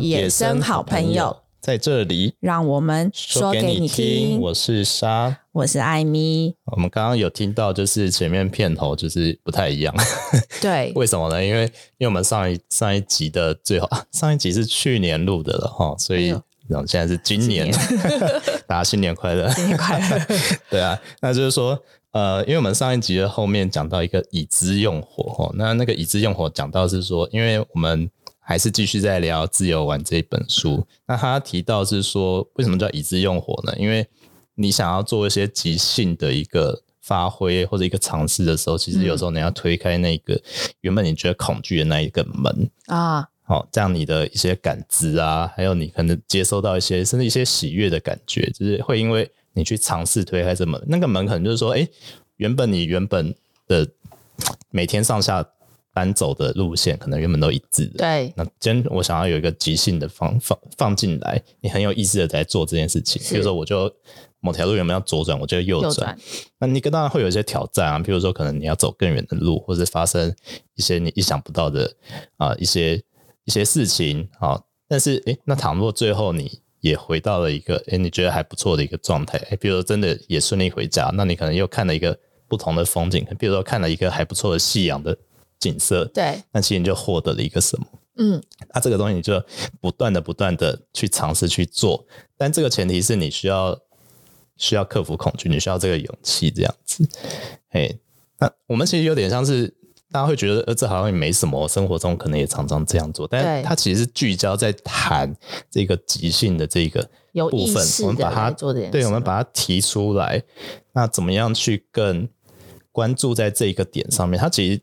野生好朋友在這裡，讓我們說給你聽。我是沙，我是愛咪。我們剛剛有聽到，就是前面片頭就是不太一樣， 對，為什麼呢？因為因為我們上一上一集的最後、啊、上一集是去年錄的了哈，所以、哎、然後現在是今年，年 大家新年快樂，新年快樂，對啊，那就是說，呃，因為我們上一集的後面講到一個已知用火哈，那那個已知用火講到是說，因為我們。還是繼續在聊《自由玩》這一本書。那他提到是說，為什麼叫已知用火呢？因為你想要做一些即興的一個發揮或者一個嘗試的時候，其實有時候你要推開那個原本你覺得恐懼的那一個門啊、嗯。哦，這樣你的一些感知啊，還有你可能接收到一些甚至一些喜悅的感覺，就是會因為你去嘗試推開這麼那個門，可能就是說，哎、欸，原本你原本的每天上下。單走的路線可能原本都一致的，對。那今天我想要有一個即興的放放放進來，你很有意思的在做這件事情。比如說，我就某條路原本要左轉，我就右轉。右轉。那你跟當然會有一些挑戰啊，比如說可能你要走更遠的路，或者發生一些你意想不到的啊、呃、一些一些事情啊、哦。但是，誒，那倘若最後你也回到了一個誒，你覺得還不錯的一個狀態，誒比如說真的也順利回家，那你可能又看了一個不同的風景，比如說看了一個還不錯的夕陽的。景色對，那其實你就獲得了一個什麼？嗯，那、啊、這個東西你就不斷的、不斷的去嘗試去做，但這個前提是你需要需要克服恐懼，你需要這個勇氣，這樣子。哎，那我們其實有點像是大家會覺得，呃，這好像也沒什麼。生活中可能也常常這樣做，但它其實是聚焦在談這個即興的這個部分。我們把它，對，我們把它提出來。那怎麼樣去更關注在這個點上面？它、嗯、其實。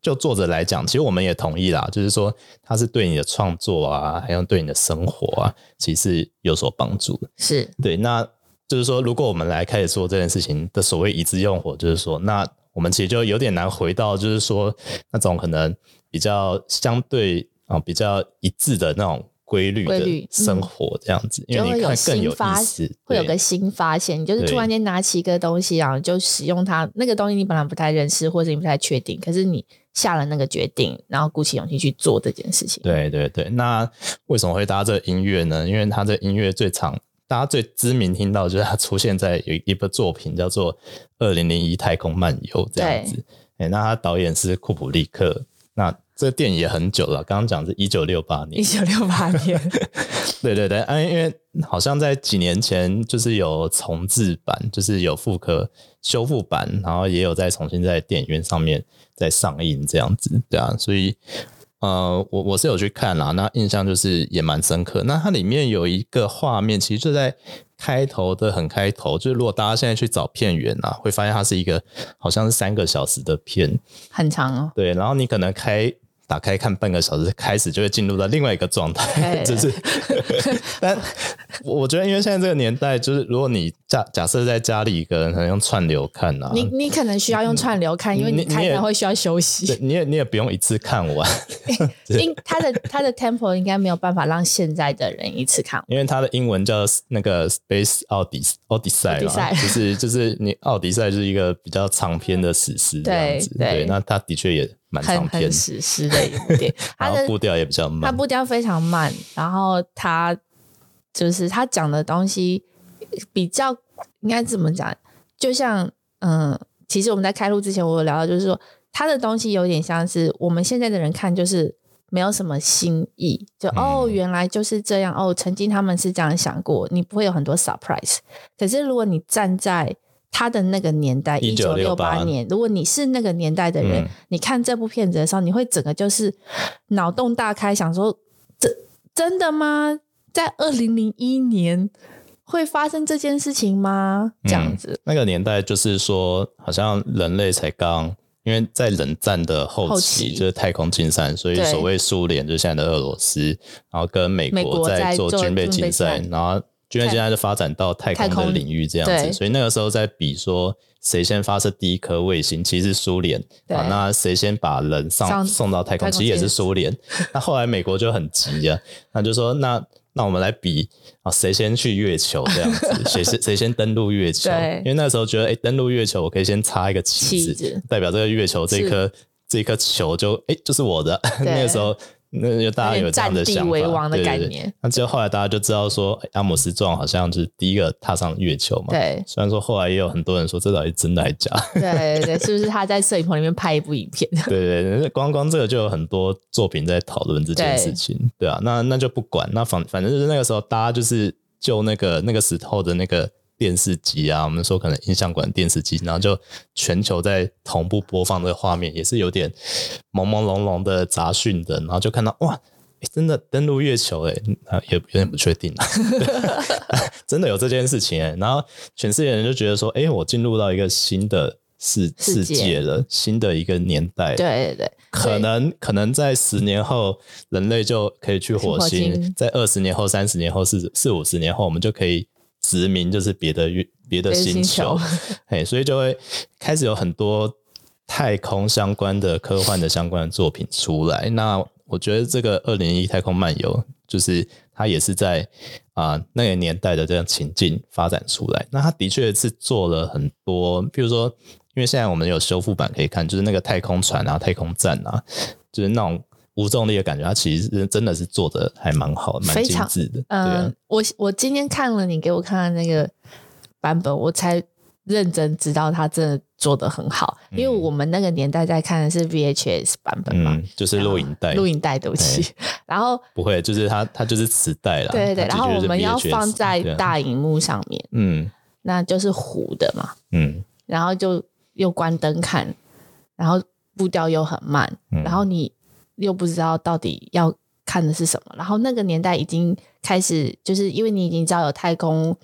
就作者來講，其實我們也同意啦，就是說他是對你的創作啊，還有對你的生活啊，其實是有所幫助的。是，對，那就是說，如果我們來開始做這件事情的所謂已知用火，就是說，那我們其實就有點難回到，就是說那種可能比較相對啊，比較一致的那種。規律的生活這樣子，嗯、就會有新發現，會有個新發現。你就是突然間拿起一個東西，然後就使用它。那個東西你本來不太認識，或者你不太確定，可是你下了那個決定，然後鼓起勇氣去做這件事情。對對對，那為什麼會搭這音樂呢？因為它的音樂最常大家最知名聽到，就是它出現在有一部作品叫做《二零零一太空漫遊》這樣子。哎、欸，那他導演是庫布利克。這個電影也很久了，剛剛講是一九六八年，一九六八年，對對對，啊，因為好像在幾年前就是有重製版，就是有複刻修復版，然後也有再重新在電影院上面再上映這樣子，對啊，所以，呃，我我是有去看啦，那印象就是也蠻深刻。那它裡面有一個畫面，其實就在開頭的很開頭，就是如果大家現在去找片源啊，會發現它是一個好像是三個小時的片，很長哦，對，然後你可能開。打開看半個小時，開始就會進入到另外一個狀態，對就是。 但我覺得，因為現在這個年代，就是如果你假假設在家裡一個人，可能用串流看呢、啊。你你可能需要用串流看，嗯、因為你，你看會需要休息。你也你也，你也不用一次看完，因他的他的 tempo 應該沒有辦法讓現在的人一次看完， 因為他的英文叫那個 Space Odyssey, Odyssey 嘛，奧迪奧迪賽就是就是你《奧迪賽》是一個比較長篇的史詩這樣子。對，對對那他的確也。長很很史詩的一點， 然後步調也比較慢他，慢。它步調非常慢，然後他就是他講的東西比較應該怎麼講？就像嗯，其實我們在開錄之前，我有聊到，就是說他的東西有點像是我們現在的人看，就是沒有什麼新意，就、嗯、哦，原來就是這樣，哦，曾經他們是這樣想過，你不會有很多 surprise。可是如果你站在他的那個年代，一九六八年。如果你是那個年代的人，嗯、你看這部片子的時候，你會整個就是腦洞大開，想說：這真的嗎？在二零零一年會發生這件事情嗎？這樣子，嗯、那個年代就是說，好像人類才剛因為在冷戰的後期，後期就是太空競賽，所以所謂蘇聯就是現在的俄羅斯，然後跟美國在做軍備競賽，然後。居然現在就發展到太空的領域這樣子，所以那個時候在比說誰先發射第一顆衛星，其實是蘇聯。對。啊、那誰先把人上，上送到太空，太空其實也是蘇聯。那 後來美國就很急啊，那就說那那我們來比啊，誰先去月球這樣子，誰 誰先登陸月球？對。因為那時候覺得誒、欸、登陸月球我可以先插一個旗子，子代表這個月球這顆這顆球就誒、欸、就是我的。 那個時候。那就大家有這樣的想法，王的概念對對,對那之後後來大家就知道說，欸、阿姆斯壯好像就是第一個踏上月球嘛。對，雖然說後來也有很多人說這到底真的還假？對對對， 是不是他在攝影棚裡面拍一部影片？對，對對，光光這個就有很多作品在討論這件事情對。對啊，那那就不管，那反反正就是那個時候大家就是就那個那個石頭的那個。電視機啊，我們說可能映像管電視機，然後就全球在同步播放這個畫面，也是有點朦朦朧朧的雜訊的，然後就看到哇，真的登陸月球哎，也有點不確定，啊， 真的有這件事情哎，然後全世界人就覺得說，哎，我進入到一個新的世世界了世界，新的一個年代，對，對對，可能對可能在十年後人類就可以去火星，火星在二十年後、三十年後、四四五十年後，我們就可以。殖民就是別的月、別的星球，星球 嘿，所以就會開始有很多太空相關的科幻的相關的作品出來。那我覺得這個《二零零一太空漫遊》就是它也是在啊、呃、那個年代的這樣情境發展出來。那它的確是做了很多，譬如說，因為現在我們有修復版可以看，就是那個太空船啊、太空站啊，就是那種。無重力的感覺，它其實真的是做得還蠻好，蠻精緻的。嗯、呃啊，我我今天看了你給我看的那個版本，我才認真知道它真的做的很好，嗯。因為我們那個年代在看的是 VHS 版本嘛，嗯，就是錄影帶，錄、啊、影帶東西。對 然後不會，就是它它就是磁帶啦。對對，對，VHS，然後我們要放在大熒幕上面，嗯，那就是糊的嘛，嗯，然後就又關燈看，然後步調又很慢，嗯，然後你。又不知道到底要看的是什麼，然後那個年代已經開始，就是因為你已經知道有太空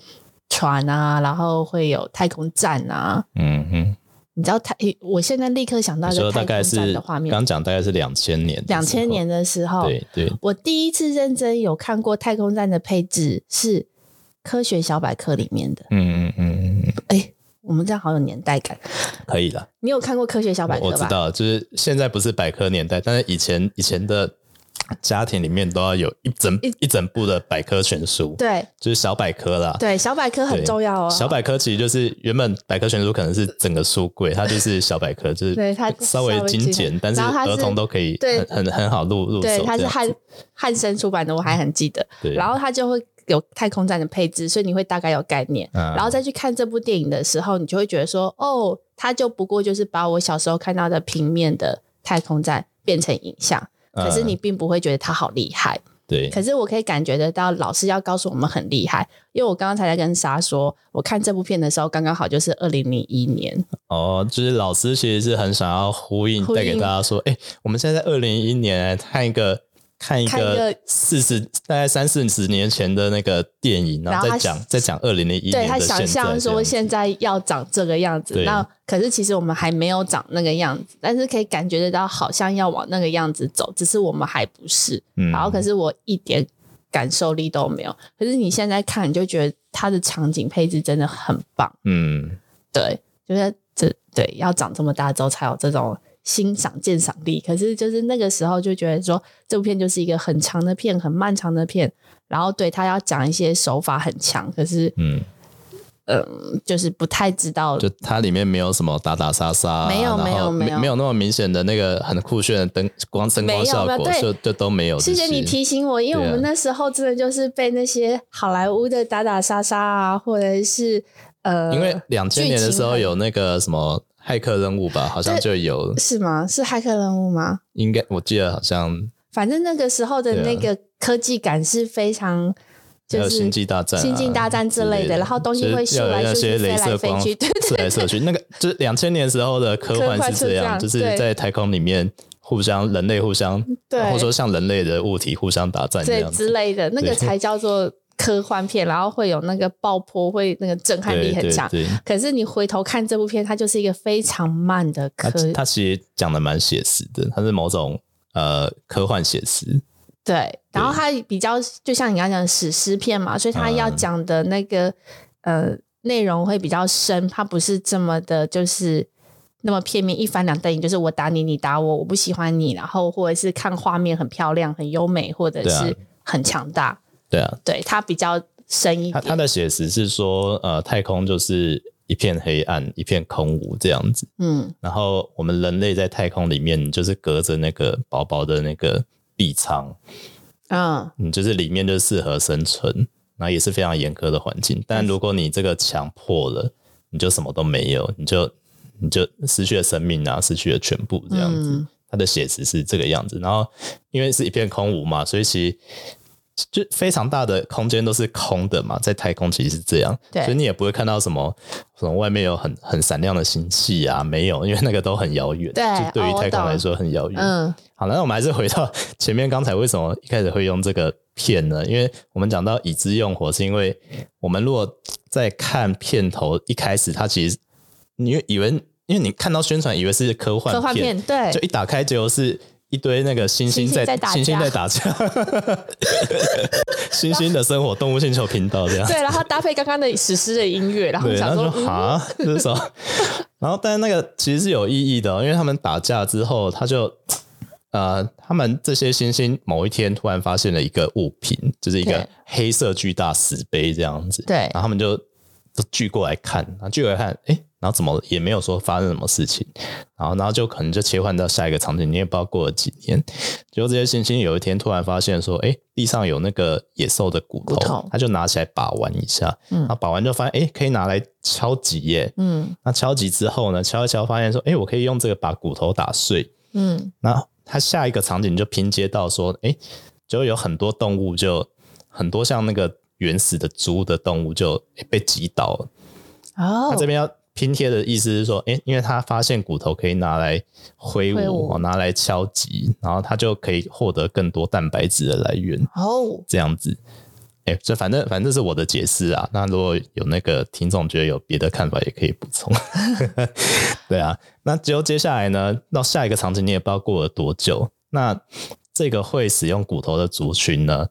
船啊，然後會有太空站啊，嗯哼，你知道太、欸，我現在立刻想到一個太空站的畫面，剛講大概是兩千年，兩千年的時候，對對，我第一次認真有看過太空站的配置是科學小百科裡面的，嗯嗯嗯，嗯，欸我們這樣好有年代感，可以了。你有看過科學小百科嗎？我，我知道，就是現在不是百科年代，但是以前以前的家庭裡面都要有一整一,一整部的百科全書，對，就是小百科啦。對，小百科很重要哦！小百科其實就是原本百科全書可能是整個書櫃，它、嗯、就是小百科， 就是對它稍微精簡， 但是兒童都可以很很好入入手。對，它是漢漢聲出版的，我還很記得。對，然後它就會。有太空站的配置，所以你會大概有概念、嗯，然後再去看這部電影的時候，你就會覺得說，哦，他就不過就是把我小時候看到的平面的太空站變成影像，可是你並不會覺得他好厲害、嗯，對。可是我可以感覺得到，老師要告訴我們很厲害，因為我剛剛才在跟沙說，我看這部片的時候，剛剛好就是二零零一年。哦，就是老師其實是很想要呼應帶給大家說，哎、欸，我們現在在二零零一年來看一個。看一個四十，大概三四十年前的那個電影，然後，然後再講，再講二零零一，對，他想象說現在要長這個樣子，那可是其實我們還沒有長那個樣子，但是可以感覺得到好像要往那個樣子走，只是我們還不是。嗯。然後可是我一點感受力都沒有，可是你現在看，你就覺得它的場景配置真的很棒。嗯，對，就是這，對，要長這麼大之後才有這種。欣賞鑑賞力，可是就是那個時候就覺得說，這部片就是一個很長的片，很漫長的片。然後對他要講一些手法很強，可是嗯嗯、呃，就是不太知道，就它裡面沒有什麼打打殺殺、啊，沒有沒有沒有沒有那麼明顯的那個很酷炫的燈光燈光效果就，就就都沒有。謝謝你提醒我，因為我們那時候真的就是被那些好萊塢的打打殺殺啊，啊，或者是呃，因為兩千年的時候有那個什麼。駭客任務吧，好像就有了是嗎？是駭客任務嗎？應該我記得好像，反正那個時候的那個科技感是非常，啊、就是有星際大戰、啊、星際大戰之類的，類的然後東西會出來就是射來射去，對對對，那個就是兩千年時候的科幻是這樣、啊，就是在太空裡面互相人類互相，對。或者說像人類的物體互相打戰這樣之類的，那個才叫做。 科幻片，然後會有那個爆破，會那個震撼力很強。可是你回頭看這部片，它就是一個非常慢的科。它，它其實講的蠻寫實的，它是某種呃科幻寫實。對，然後它比較就像你剛剛講的史詩片嘛，所以它要講的那個、嗯、呃內容會比較深，它不是這麼的，就是那麼片面一翻兩瞪眼，就是我打你，你打我，我不喜歡你，然後或者是看畫面很漂亮、很優美，或者是很強大。對啊，對，它比較深一點，它的寫實是說，呃，太空就是一片黑暗，一片空無這樣子。嗯，然後我們人類在太空裡面，就是隔着那個薄薄的那個壁艙，啊、嗯，你就是裡面就適合生存，然後也是非常嚴苛的環境。但如果你這個牆破了，你就什麼都沒有，你就你就失去了生命啊，失去了全部這樣子。它、嗯、的寫實是這個樣子。然後因為是一片空無嘛，所以其。就非常大的空間都是空的嘛，在太空其實是這樣，所以你也不會看到什麼什麼外面有很很閃亮的星系啊，沒有，因為那個都很遙遠。對，就對於太空來說很遙遠。啊。嗯，好，那我們還是回到前面，剛才為什麼一開始會用這個片呢？因為我們講到已知用火，是因為我們如果在看片頭一開始，它其實你以為因為你看到宣傳，以為是科幻片，科幻片，對，就一打開就是。一堆那個猩猩，在猩猩在打架，猩猩 的生活動，物星球頻道這樣。對，然後搭配剛剛的史詩的音樂，然後想說就是說然後，是什麼 然後但是那個其實是有意義的、喔，因為他們打架之後，他就呃，他們這些猩猩某一天突然發現了一個物品，就是一個黑色巨大石碑這樣子。對，然後他們就都聚過來看，然後聚過來看，哎、欸。然後怎麼也沒有說發生什麼事情，然後然後就可能就切換到下一個場景，你也不知道過了幾年，結果這些猩猩有一天突然發現說：“哎，地上有那個野獸的骨頭，骨頭，他就拿起來把玩一下，嗯，他把玩就發現哎，可以拿來敲擊，耶。嗯，那敲擊之後呢，敲一敲發現說：哎，我可以用這個把骨頭打碎，嗯，那他下一個場景就拼接到說：哎，就有很多動物就，就很多像那個原始的豬的動物就，就被擊倒了，哦，他這邊要。拼貼的意思是說、欸，因為他發現骨頭可以拿來揮舞，拿來敲擊，然後他就可以獲得更多蛋白質的來源。哦、oh.，這樣子，哎、欸，這反正反正，反正是我的解釋啊。那如果有那個聽眾覺得有別的看法，也可以補充。 對啊，那只有接下來呢，到下一個場景，你也不知道過了多久，那這個會使用骨頭的族群呢，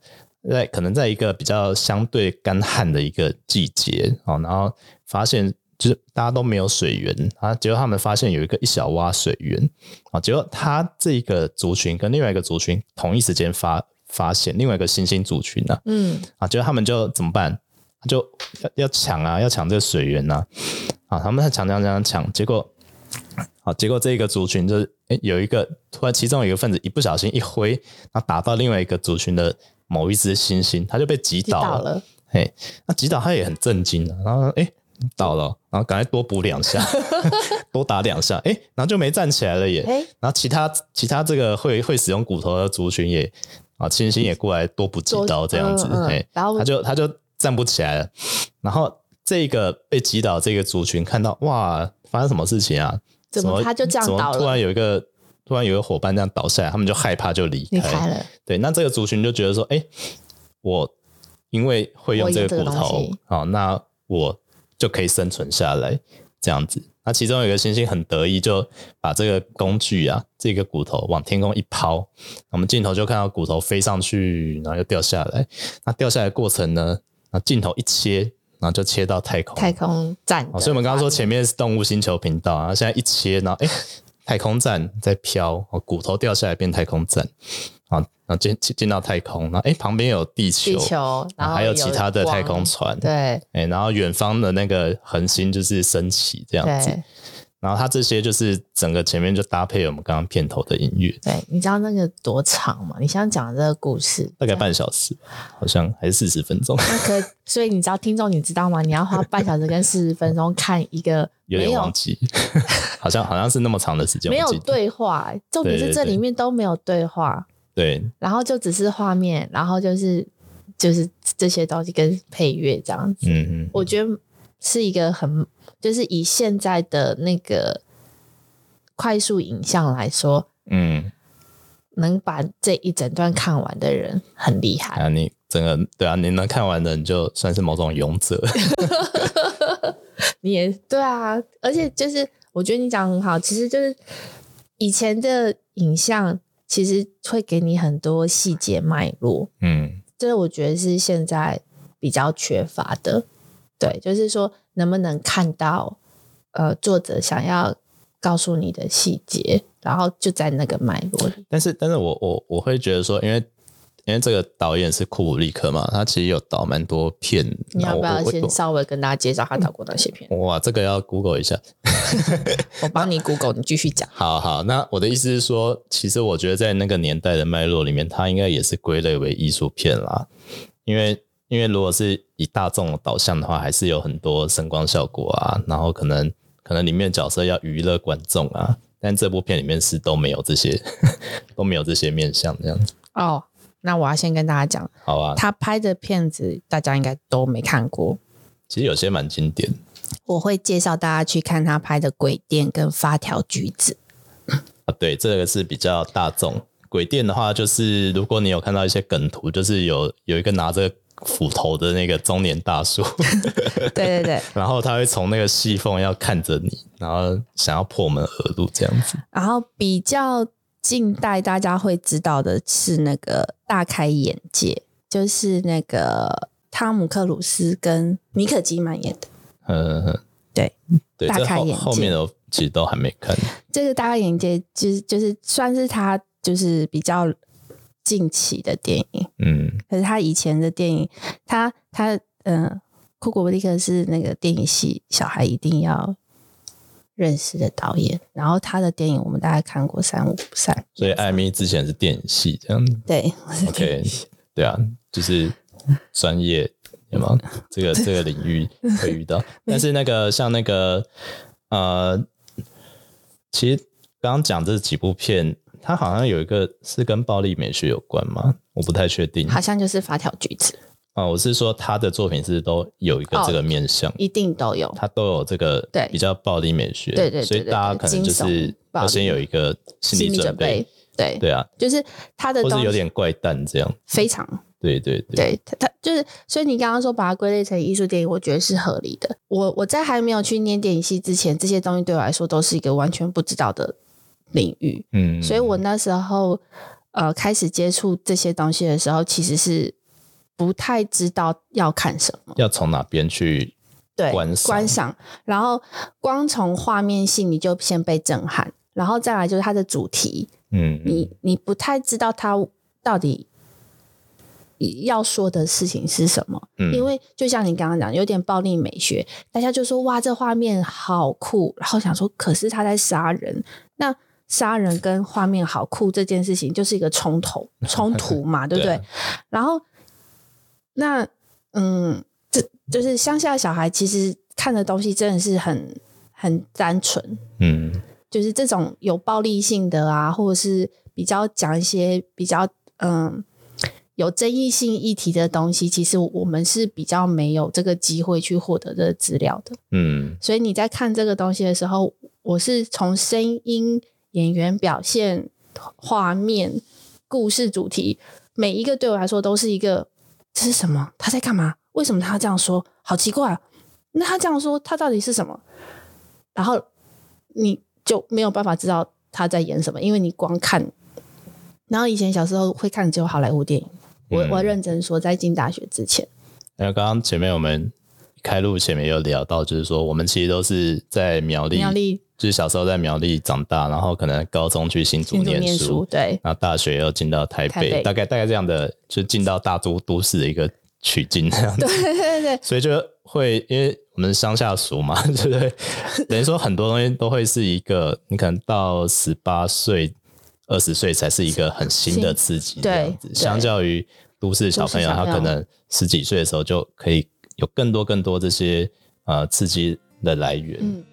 在可能在一個比較相對乾旱的一個季節哦、喔，然後發現。就是大家都沒有水源啊，結果他們發現有一個一小窪水源啊，結果他這個族群跟另外一個族群同一時間發發現另外一個猩猩族群呢、啊，嗯啊，結果他們就怎麼辦？就要，要搶啊，要搶這個水源吶啊，啊，他們在搶這，這樣搶，結果好、啊，結果這一個族群就是哎，有一個突然其中有一個分子一不小心一揮，他打到另外一個族群的某一隻猩猩，他就被擊倒，擊倒了，嘿，那擊倒他也很震驚啊，然後哎。誒倒了，然後趕快多補兩下， 多打兩下，哎、欸，然後就沒站起來了哎、欸，然後其他其他這個會會使用骨頭的族群也啊，猩猩也過來多補幾刀這樣子，哎、呃，然後、欸、他就他就站不起來了。然後這個被擊倒這個族群看到哇，發生什麼事情啊？麼怎麼他就這樣倒了？怎麼突然有一個突然有一個夥伴這樣倒下來，他們就害怕就離開。開了。對，那這個族群就覺得說，哎、欸，我因為會用這個骨頭好、啊、那我。就可以生存下來，這樣子。那其中有一個猩猩很得意，就把這個工具啊，這個骨頭往天空一拋，我們鏡頭就看到骨頭飛上去，然後又掉下來。那掉下來的過程呢？那鏡頭一切，然後就切到太空太空站。所以我們剛剛說前面是動物星球頻道啊，然後現在一切呢？哎、欸，太空站在飄，骨頭掉下來變太空站。然後進，進到太空，然後哎，旁邊有地球，地球，然後還有其他的太空船，對，哎，然後遠方的那個恆星就是升起這樣子，然後它這些，就是整個前面就搭配我們剛剛片頭的音樂。對，你知道那個多長嗎？你先講的這個故事，大概半小時，好像還是四十分鐘。那可所以你知道聽眾你知道嗎？你要花半小時跟四十分鐘看一個，有點忘記， 好像好像是那麼長的時間， 沒有對話，重點是這裡面都沒有對話。對對對對，然後就只是畫面，然後就是就是這些東西跟配樂這樣子。嗯嗯，我覺得是一個很，就是以現在的那個快速影像來說，嗯，能把這一整段看完的人很厲害。啊，你真的，對啊，你能看完的人就算是某種勇者。 你也對啊，而且就是我覺得你講得很好，其實就是以前的影像。其實會給你很多細節脈絡，嗯，這我覺得是現在比較缺乏的，對，就是說能不能看到，呃，作者想要告訴你的細節，然後就在那個脈絡。但是，但是我我我會覺得說，因為。因為這個導演是庫布里克嘛，他其實有導蠻多片。你要不要先稍微跟大家介紹他導過哪些片？哇，這個要 Google 一下。 我幫你 Google，你繼續講。好好，那我的意思是說，其實我覺得在那個年代的脈絡裡面，他應該也是歸類為藝術片啦。因為，因為如果是以大眾的導向的話，還是有很多聲光效果啊，然後可能可能裡面的角色要娛樂觀眾啊，但這部片裡面是都沒有這些，都沒有這些面向這樣子。哦。那我要先跟大家講，好吧？他拍的片子大家應該都沒看過，其實有些蠻經典的。我會介紹大家去看他拍的《鬼店》跟《發條橘子》啊，對，這個是比較大眾。《鬼店》的話，就是如果你有看到一些梗圖，就是有有一個拿着斧頭的那個中年大叔， 對對對，然後他會從那個細縫要看着你，然後想要破門而入這樣子。然後比較。近代大家會知道的是那個《大開眼界》，就是那個湯姆·克魯斯跟妮可·基嫚演的。嗯，對，對。大開眼界這後，後面我其實都還沒看。這個《大開眼界》就是就是算是他就是比較近期的電影。嗯。可是他以前的電影，他他嗯、呃，庫柏力克是那個電影系小孩，一定要認識的導演，然後他的電影我們大概看過三五三，所以愛咪之前是電影系這樣對，OK，對啊，就是專業 有嗎？這個這個領域可以遇到， 但是那個像那個呃，其實剛剛講這幾部片，它好像有一個是跟暴力美學有關嗎？我不太確定，好像就是《發條橘子》。啊、哦，我是說他的作品是都有一個這個面向。哦、一定都有，他都有這個對比較暴力美學，對對，對，對對，所以大家可能就是先有一個心理準備，準備，對對啊，就是他的東西或是有點怪誕，這樣非常對對對，對，他他就是，所以你剛剛說把它歸類成藝術電影，我覺得是合理的。我我在還沒有去念電影系之前，這些東西對我來說都是一個完全不知道的領域，嗯，所以我那時候呃開始接觸這些東西的時候，其實是。不太知道要看什麼，要從哪邊去觀賞？對，觀賞，然後光從畫面性你就先被震撼，然後再來就是它的主題，嗯，嗯，你你不太知道它到底要說的事情是什麼？嗯，因為就像你剛剛講，有點暴力美學，大家就說哇這畫面好酷，然後想說可是他在殺人，那殺人跟畫面好酷這件事情就是一個衝突衝 突嘛，對不對？然後。那，嗯，這就是鄉下小孩其實看的東西真的是很很單純，嗯，就是這種有暴力性的啊，或者是比較講一些比較嗯有爭議性議題的東西，其實我們是比較沒有這個機會去獲得這個資料的，嗯，所以你在看這個東西的時候，我是從聲音、演員表現、畫面、故事主題，每一個對我來說都是一個。這是什麼？他在幹嘛？為什麼他這樣說？好奇怪，啊！那他這樣說，他到底是什麼？然後你就沒有辦法知道他在演什麼，因為你光看。然後以前小時候會看只有好萊塢電影，嗯、我我認真說，在進大學之前。那剛剛前面我們開錄前面有聊到，就是說我們其實都是在苗栗、苗栗。就是小時候在苗栗長大，然後可能高中去新竹念書，念書對，然後大學又進到台北，台北，大概大概這樣的，就進到大都都市的一個取經這樣子，對對對。所以就會因為我們鄉下熟嘛，對不對？等於說很多東西都會是一個， 你可能到十八歲、二十歲才是一個很新的刺激對。對，相較於都市的小朋友，都市小朋友，他可能十幾歲的時候就可以有更多更多這些呃刺激的來源。嗯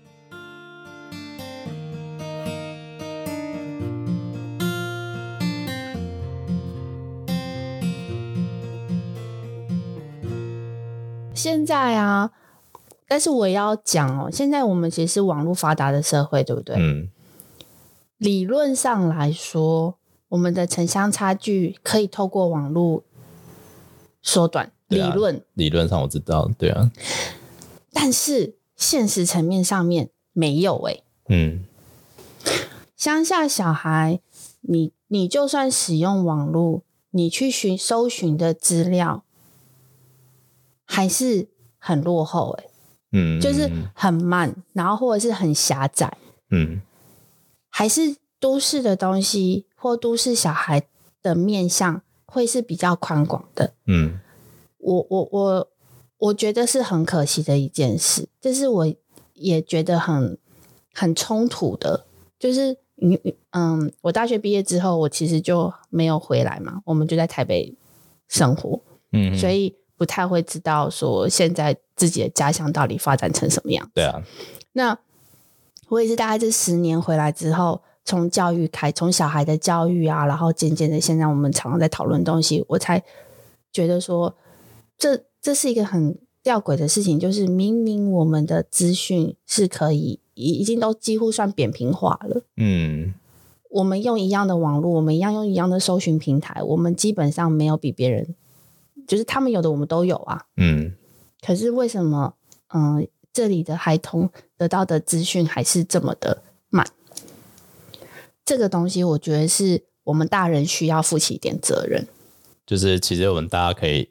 現在啊，但是我也要講哦，現在我們其實是網絡發達的社會，對不對？嗯。理論上來說，我們的城鄉差距可以透過網絡縮短，啊。理論理論上我知道，對啊。但是現實層面上面沒有誒、欸、嗯。鄉下小孩，你你就算使用網絡，你去尋搜尋的資料。還是很落後誒、欸、嗯，就是很慢，然後或者是很狹窄，嗯，還是都市的東西或都市小孩的面向會是比較寬廣的，嗯，我我我我覺得是很可惜的一件事，這、就是我也覺得很很衝突的，就是你嗯，我大學畢業之後，我其實就沒有回來嘛，我們就在台北生活，嗯，所以。不太會知道說現在自己的家鄉到底發展成什麼樣。對啊，那我也是大概這十年回來之後，從教育開，從小孩的教育啊，然後漸漸的，現在我們常常在討論東西，我才覺得說，這這是一個很吊詭的事情，就是明明我們的資訊是可以，已已經都幾乎算扁平化了。嗯，我們用一樣的網絡，我們一樣用一樣的搜尋平台，我們基本上沒有比別人。就是他們有的，我們都有啊。嗯。可是為什麼，嗯，這裡的孩童得到的資訊還是這麼的慢？這個東西，我覺得是我們大人需要負起一點責任。就是，其實我們大家可以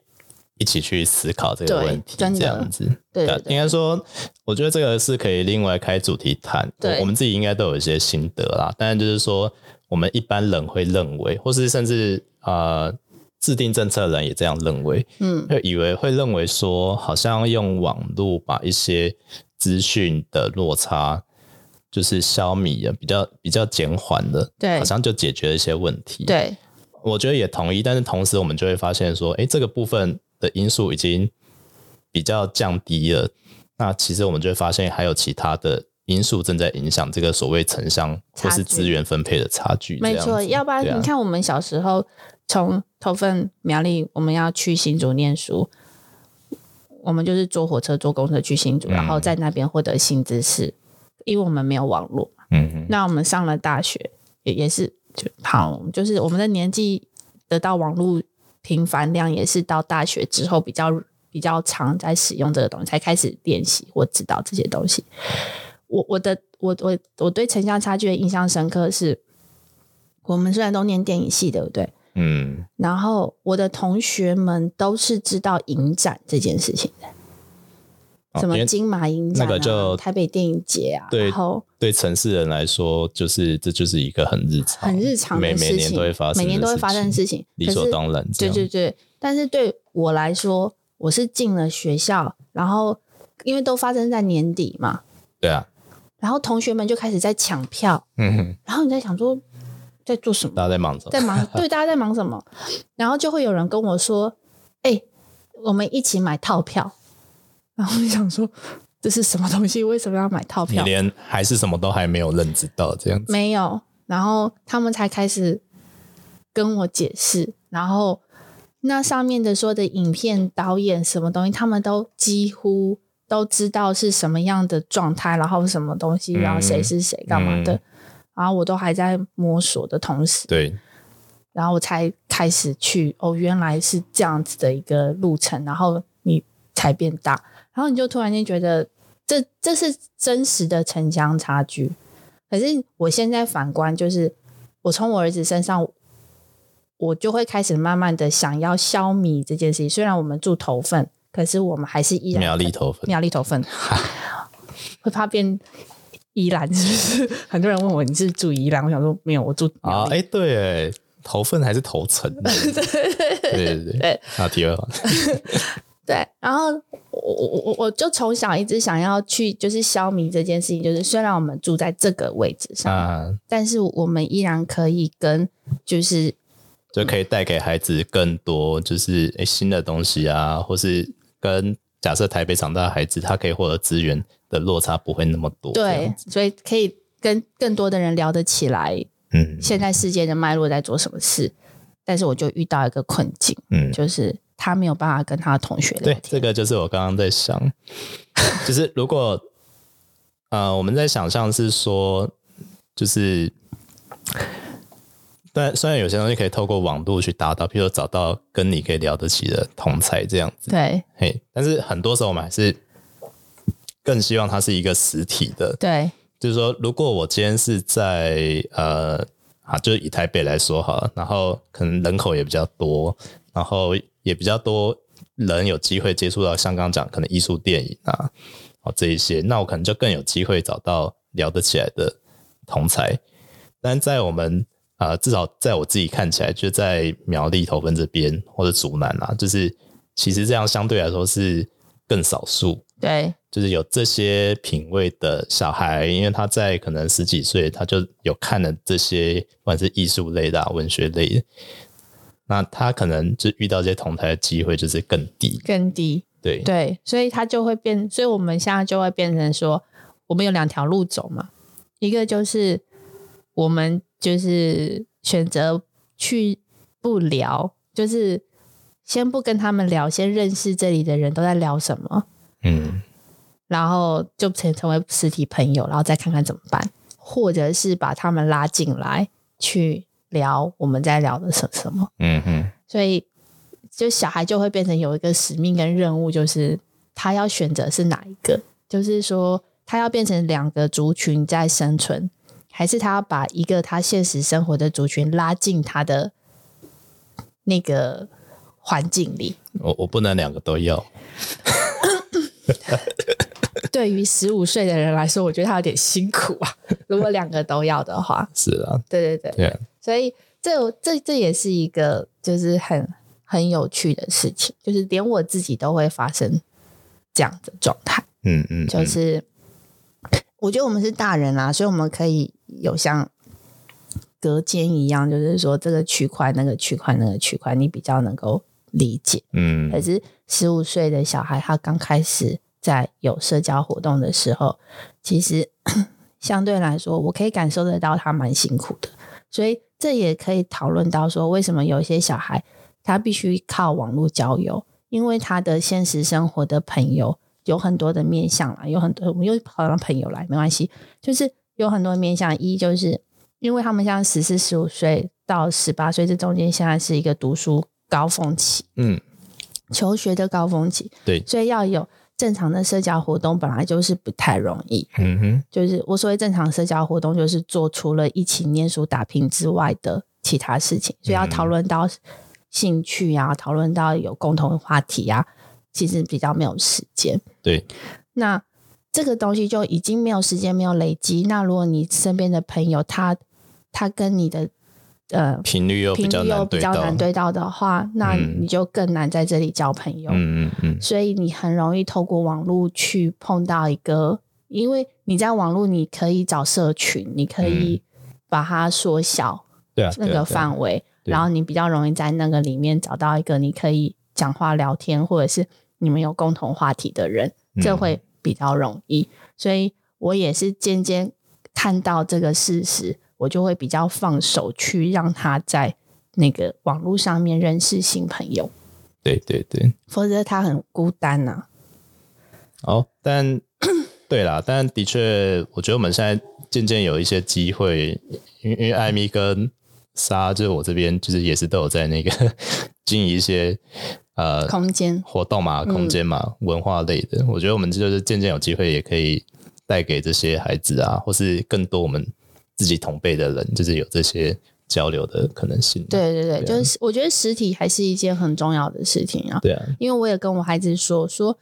一起去思考這個問題，這樣子。對。對對對，應該說，我覺得這個是可以另外開主題談。對。我，我們自己應該都有一些心得啦，但就是說，我們一般人會認為，或是甚至啊。呃制定政策的人也這樣認為，嗯，會以為會認為說，好像用網絡把一些資訊的落差，就是消弭了，比較比較減緩了，對，好像就解決了一些問題，對，我覺得也同意，但是同時我們就會發現說，誒，這個部分的因素已經比較降低了，那其實我們就會發現還有其他的。因素正在影響這個所謂城鄉或是資源分配的差距、差距。沒錯，要不然你看，我們小時候從頭份苗栗，我們要去新竹念書，我們就是坐火車、坐公車去新竹，然後在那邊獲得新知識，嗯、因為我們沒有網絡。嗯，那我們上了大學，也也是就好，就是我們的年紀得到網絡頻繁量，也是到大學之後比較比較常在使用這個東西，才開始練習或知道這些東西。我我的我我我對城鄉差距的印象深刻是，我們雖然都念電影系，對不對？嗯。然後我的同學們都是知道影展這件事情的，哦、什麼金馬影展、啊、個、就台北電影節啊。對。然後對城市人來說，就是這就是一個很日常、很日常每每年都會發生、每年都會發生的事情。理所當然。對對對。但是對我來說，我是進了學校，然後因為都發生在年底嘛。對啊。然後同學們就開始在搶票，嗯、哼，然後你在想說在做什麼？大家在忙什麼？在忙，對，大家在忙什麼？ 然後就會有人跟我說：“哎、欸，我們一起買套票。”然後你想說，這是什麼東西？為什麼要買套票？你連還是什麼都還沒有認知到這樣子，沒有。然後他們才開始跟我解釋。然後那上面的說的影片導演什麼東西，他們都幾乎。都知道是什麼樣的狀態，然後什麼東西、嗯，然後誰是誰幹嘛的、嗯，然後我都還在摸索的同時，對，然後我才開始去哦，原來是這樣子的一個路程，然後你才變大，然後你就突然間覺得這這是真實的城鄉差距。可是我現在反觀，就是我從我兒子身上，我就會開始慢慢的想要消弭這件事情。雖然我們住頭份。可是我們還是依然苗栗頭份，苗栗頭份、啊、會怕變宜蘭，是不是？很多人問我你是，是住宜蘭，我想說沒有，我住啊，哎、欸，對，頭份還是頭城， 對對對對，對對對對啊，第二環， 對，然後我我我就從小一直想要去，就是消弭這件事情，就是雖然我們住在這個位置上，啊、但是我們依然可以跟，就是就可以帶給孩子更多，就是新的東西啊，或是。跟假設台北長大的孩子，他可以獲得資源的落差不會那麼多，對，所以可以跟更多的人聊得起來。嗯，現在世界的脈絡在做什麼事？嗯，但是我就遇到一個困境，嗯，就是他沒有辦法跟他的同學聊天，對。這個就是我剛剛在想，就是如果， 呃，我們在想象是說，就是。但雖然有些東西可以透過網絡去達到，譬如說找到跟你可以聊得起的同才這樣子，對，嘿，但是很多時候我們還是更希望它是一個實體的，對，就是說，如果我今天是在呃啊，就是以台北來說好了，然後可能人口也比較多，然後也比較多人有機會接觸到，像剛講可能藝術電影啊，哦、啊、這一些，那我可能就更有機會找到聊得起來的同才，但在我們。啊、呃，至少在我自己看起來，就在苗栗頭份這邊或者竹南啊，就是其實這樣相對來說是更少數。對，就是有這些品味的小孩，因為他在可能十幾歲，他就有看了這些，不管是藝術類的、啊、文學類的，那他可能就遇到這些同台的機會就是更低，更低。對對，所以他就會變，所以我們現在就會變成說，我們有兩條路走嘛，一個就是我們。就是選擇去不聊，就是先不跟他們聊，先認識這裡的人都在聊什麼，嗯，然後就成成為實體朋友，然後再看看怎麼辦，或者是把他們拉進來去聊我們在聊的什什麼，嗯嗯，所以就小孩就會變成有一個使命跟任務，就是他要選擇是哪一個，就是說他要變成兩個族群在生存。還是他要把一個他現實生活的族群拉進他的那個環境裡。我我不能兩個都要。 對於十五歲的人來說，我覺得他有點辛苦啊。 如果兩個都要的話，是啊，對對對，yeah. 所以這這這也是一個就是很很有趣的事情，就是連我自己都會發生這樣的狀態。嗯,嗯嗯，就是我覺得我們是大人啦、啊，所以我們可以。有像隔間一樣，就是說這個區塊、那個區塊、那個區塊，你比較能夠理解。嗯，可是十五歲的小孩，他剛開始在有社交活動的時候，其實 相對來說，我可以感受得到他蠻辛苦的。所以這也可以討論到說，為什麼有些小孩他必須靠網絡交友，因為他的現實生活的朋友有很多的面相啦，有很多我們又跑到朋友來，沒關係，就是。有很多面向，一就是因為他們像十四、十五歲到十八歲這中間，現在是一個讀書高峰期，嗯，求學的高峰期，對，所以要有正常的社交活動，本來就是不太容易，嗯哼，就是我所謂正常社交活動，就是做除了一起念書打拼之外的其他事情，所以要討論到興趣啊，嗯、討論到有共同的話題啊，其實比較沒有時間，對，那。這個東西就已經沒有時間，沒有累積。那如果你身邊的朋友他，他他跟你的呃頻率，頻率又比較難對到的話，那你就更難在這裡交朋友。嗯嗯嗯。所以你很容易透過網絡去碰到一個，因為你在網絡，你可以找社群，你可以把它縮小、嗯、那個範圍、對啊、對啊，然後你比較容易在那個裡面找到一個你可以講話聊天，或者是你們有共同話題的人，這會。比較容易，所以我也是漸漸看到這個事實，我就會比較放手去讓他在那個網絡上面認識新朋友。對對對，否則他很孤單吶、啊。哦，但對啦，但的確，我覺得我們現在漸漸有一些機會，因為因為愛咪跟沙，就是我這邊，就是也是都有在那個經營一些。呃，空間活動嘛，空間嘛、嗯，文化類的，我覺得我們就是漸漸有機會也可以帶給這些孩子啊，或是更多我們自己同輩的人，就是有這些交流的可能性、啊。對對對，就是我覺得實體還是一件很重要的事情啊。對啊，因為我也跟我孩子說說，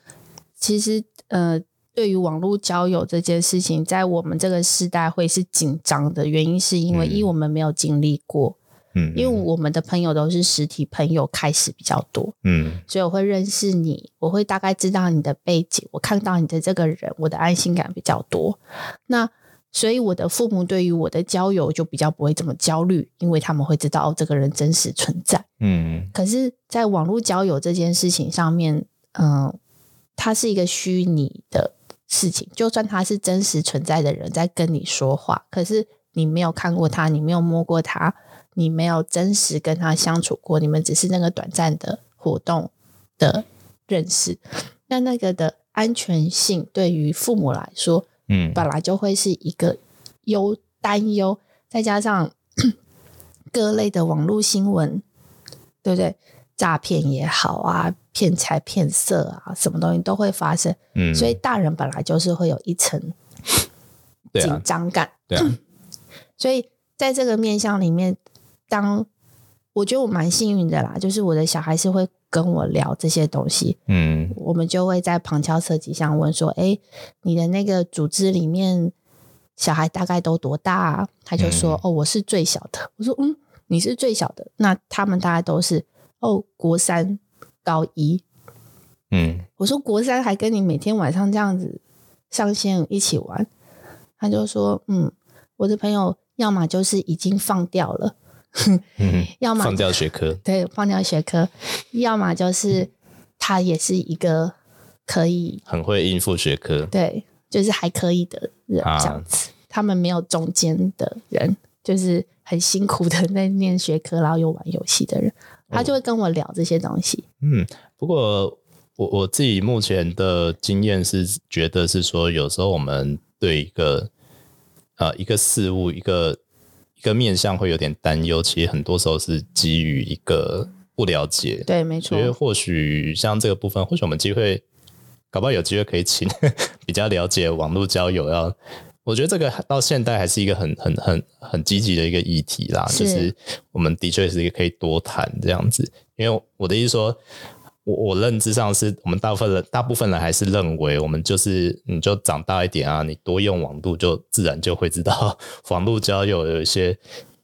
其實呃，對於網絡交友這件事情，在我們這個世代會是緊張的，原因是因為、嗯、一我們沒有經歷過。嗯，因為我們的朋友都是實體朋友，開始比較多，嗯，所以我會認識你，我會大概知道你的背景，我看到你的這個人，我的安心感比較多。那所以我的父母對於我的交友就比較不會這麼焦慮，因為他們會知道這個人真實存在。嗯，可是在網絡交友這件事情上面，嗯，它是一個虛擬的事情，就算他是真實存在的人在跟你說話，可是你沒有看過他，你沒有摸過他。你沒有真實跟他相處過，你們只是那個短暫的活動的認識，那那個的安全性對於父母來說，嗯，本來就會是一個憂擔憂，再加上各類的網絡新聞，對不對？詐騙也好啊，騙財騙色啊，什麼東西都會發生，嗯、所以大人本來就是會有一層、啊、緊張感，對、啊，所以在這個面向裡面。當我覺得我蠻幸運的啦，就是我的小孩是會跟我聊這些東西，嗯，我們就會在旁敲側擊上問說，誒，你的那個組織裡面小孩大概都多大啊？他就說、嗯，哦，我是最小的。我說，嗯，你是最小的。那他們大概都是，哦，國三、高一，嗯，我說國三還跟你每天晚上這樣子上線一起玩，他就說，嗯，我的朋友要麼就是已經放掉了。哼， 要麼放掉學科，對，放掉學科，要麼就是他也是一個可以很會應付學科，對，就是還可以的人，啊，這樣子。他們沒有中間的人，人，就是很辛苦的在念學科，然後又玩遊戲的人，他就會跟我聊這些東西。哦，嗯，不過我我自己目前的經驗是覺得是說，有時候我們對一個啊，呃，一個事物一個。一個面相會有點擔憂，其實很多時候是基於一個不了解。對，沒錯。因為或許像這個部分，或許我們機會，搞不好有機會可以請呵呵比較了解網絡交友。我覺得這個到現代還是一個很、很、很、很積極的一個議題啦。嗯、就是我們的確是一個可以多談這樣子。因為我的意思說。我我認知上是，我們大部分人，大部分人還是認為，我們就是你就長大一點啊，你多用網路，就自然就會知道網路交友有一些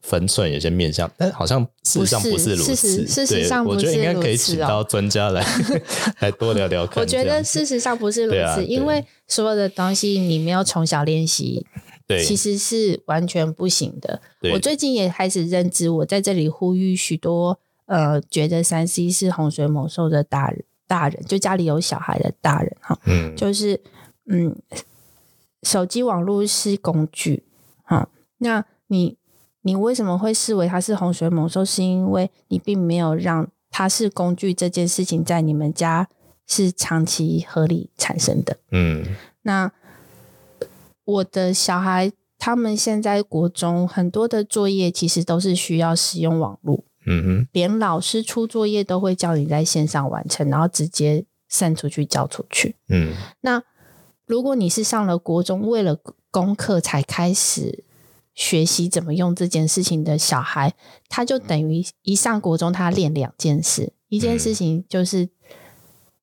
分寸，有一些面向。但好像事實上不是如此。不是事，實事實上不是，不是我覺得應該可以請到專家來來、哦、 多聊聊。我覺得事實上不是如此，啊、因為所有的東西你沒有從小練習，其實是完全不行的。我最近也開始認知，我在這裡呼籲許多。呃，覺得三 C 是洪水猛獸的大人，大人就家裡有小孩的大人哈，嗯，就是嗯，手機網絡是工具哈，那你你為什麼會視為它是洪水猛獸？是因為你並沒有讓它是工具這件事情在你們家是長期合理產生的，嗯，那我的小孩他們現在國中很多的作業其實都是需要使用網絡嗯哼，連老師出作業都會叫你在線上完成，然後直接散出去交出去。嗯，那如果你是上了國中，為了功課才開始學習怎麼用這件事情的小孩，他就等於一上國中，他練兩件事、嗯，一件事情就是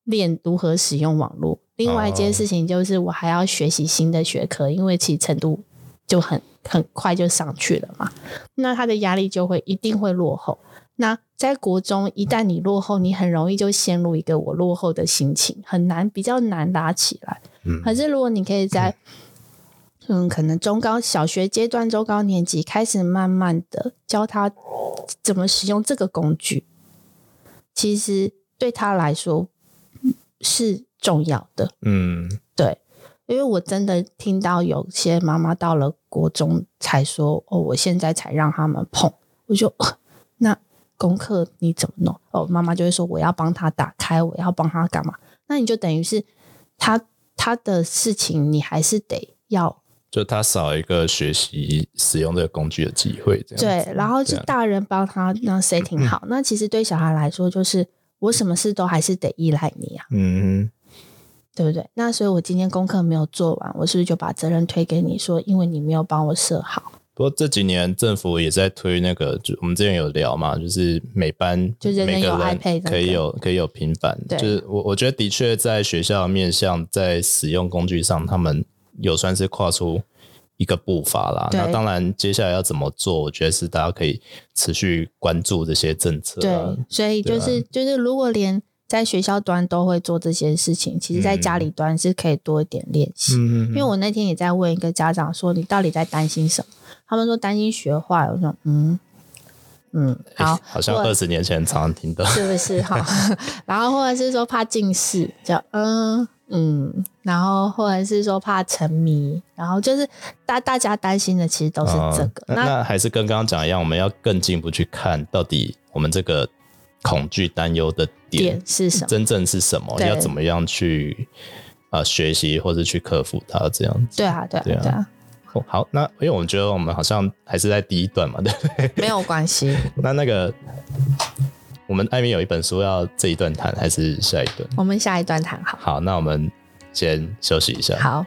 練如何使用網絡、嗯，另外一件事情就是我還要學習新的學科，因為其實程度。就很很快就上去了嘛，那他的壓力就會一定會落後。那在國中一旦你落後，你很容易就陷入一個我落後的心情，很難比較難拉起來。嗯，可是如果你可以在嗯，嗯，可能中高小學階段、中高年級開始，慢慢的教他怎麼使用這個工具，其實對他來說是重要的。嗯。因為我真的聽到有些媽媽到了國中才說，哦，我現在才讓他們碰，我就那功課你怎麼弄？哦，媽媽就會說我要幫他打開，我要幫他幹嘛？那你就等於是他他的事情，你還是得要，就他少一個學習使用這個工具的機會這樣。對，然後就大人幫他那，那誰挺好？那其實對小孩來說，就是我什麼事都還是得依賴你啊。嗯哼。對不對？那所以，我今天功課沒有做完，我是不是就把責任推給你說，說因為你沒有幫我設好。不過這幾年政府也在推那個，就我們之前有聊嘛，就是每班就有 iPad 每個人可以有可以有，可以有平板。就是我我覺得的確在學校面向在使用工具上，他們有算是跨出一個步伐啦。那當然，接下來要怎麼做？我覺得是大家可以持續關注這些政策，啊。對，所以就是，啊，就是，如果連。在學校端都會做這些事情，其實在家裡端是可以多一點練習，嗯。因為我那天也在問一個家長說：“你到底在擔心什麼？”他們說擔心學壞。我說嗯：“嗯嗯。”好，欸，好像二十年前常常聽到，是不是？哈， 然後或者是說怕近視，叫嗯嗯。然後或者是說怕沉迷，然後就是大大家擔心的其實都是這個，哦，那那那。那還是跟剛剛講一樣，我們要更進一步去看到底我們這個。恐懼、擔憂的點，點是什麼？真正是什麼？要怎麼樣去啊、呃、學習或者去克服它？這樣子對啊，對啊，對啊，對啊、喔。好，那因為我們覺得我們好像還是在第一段嘛，對不對？沒有關係。 那那個我們愛咪有一本書要這一段談，還是下一段？我們下一段談。好，好，那我們先休息一下。好。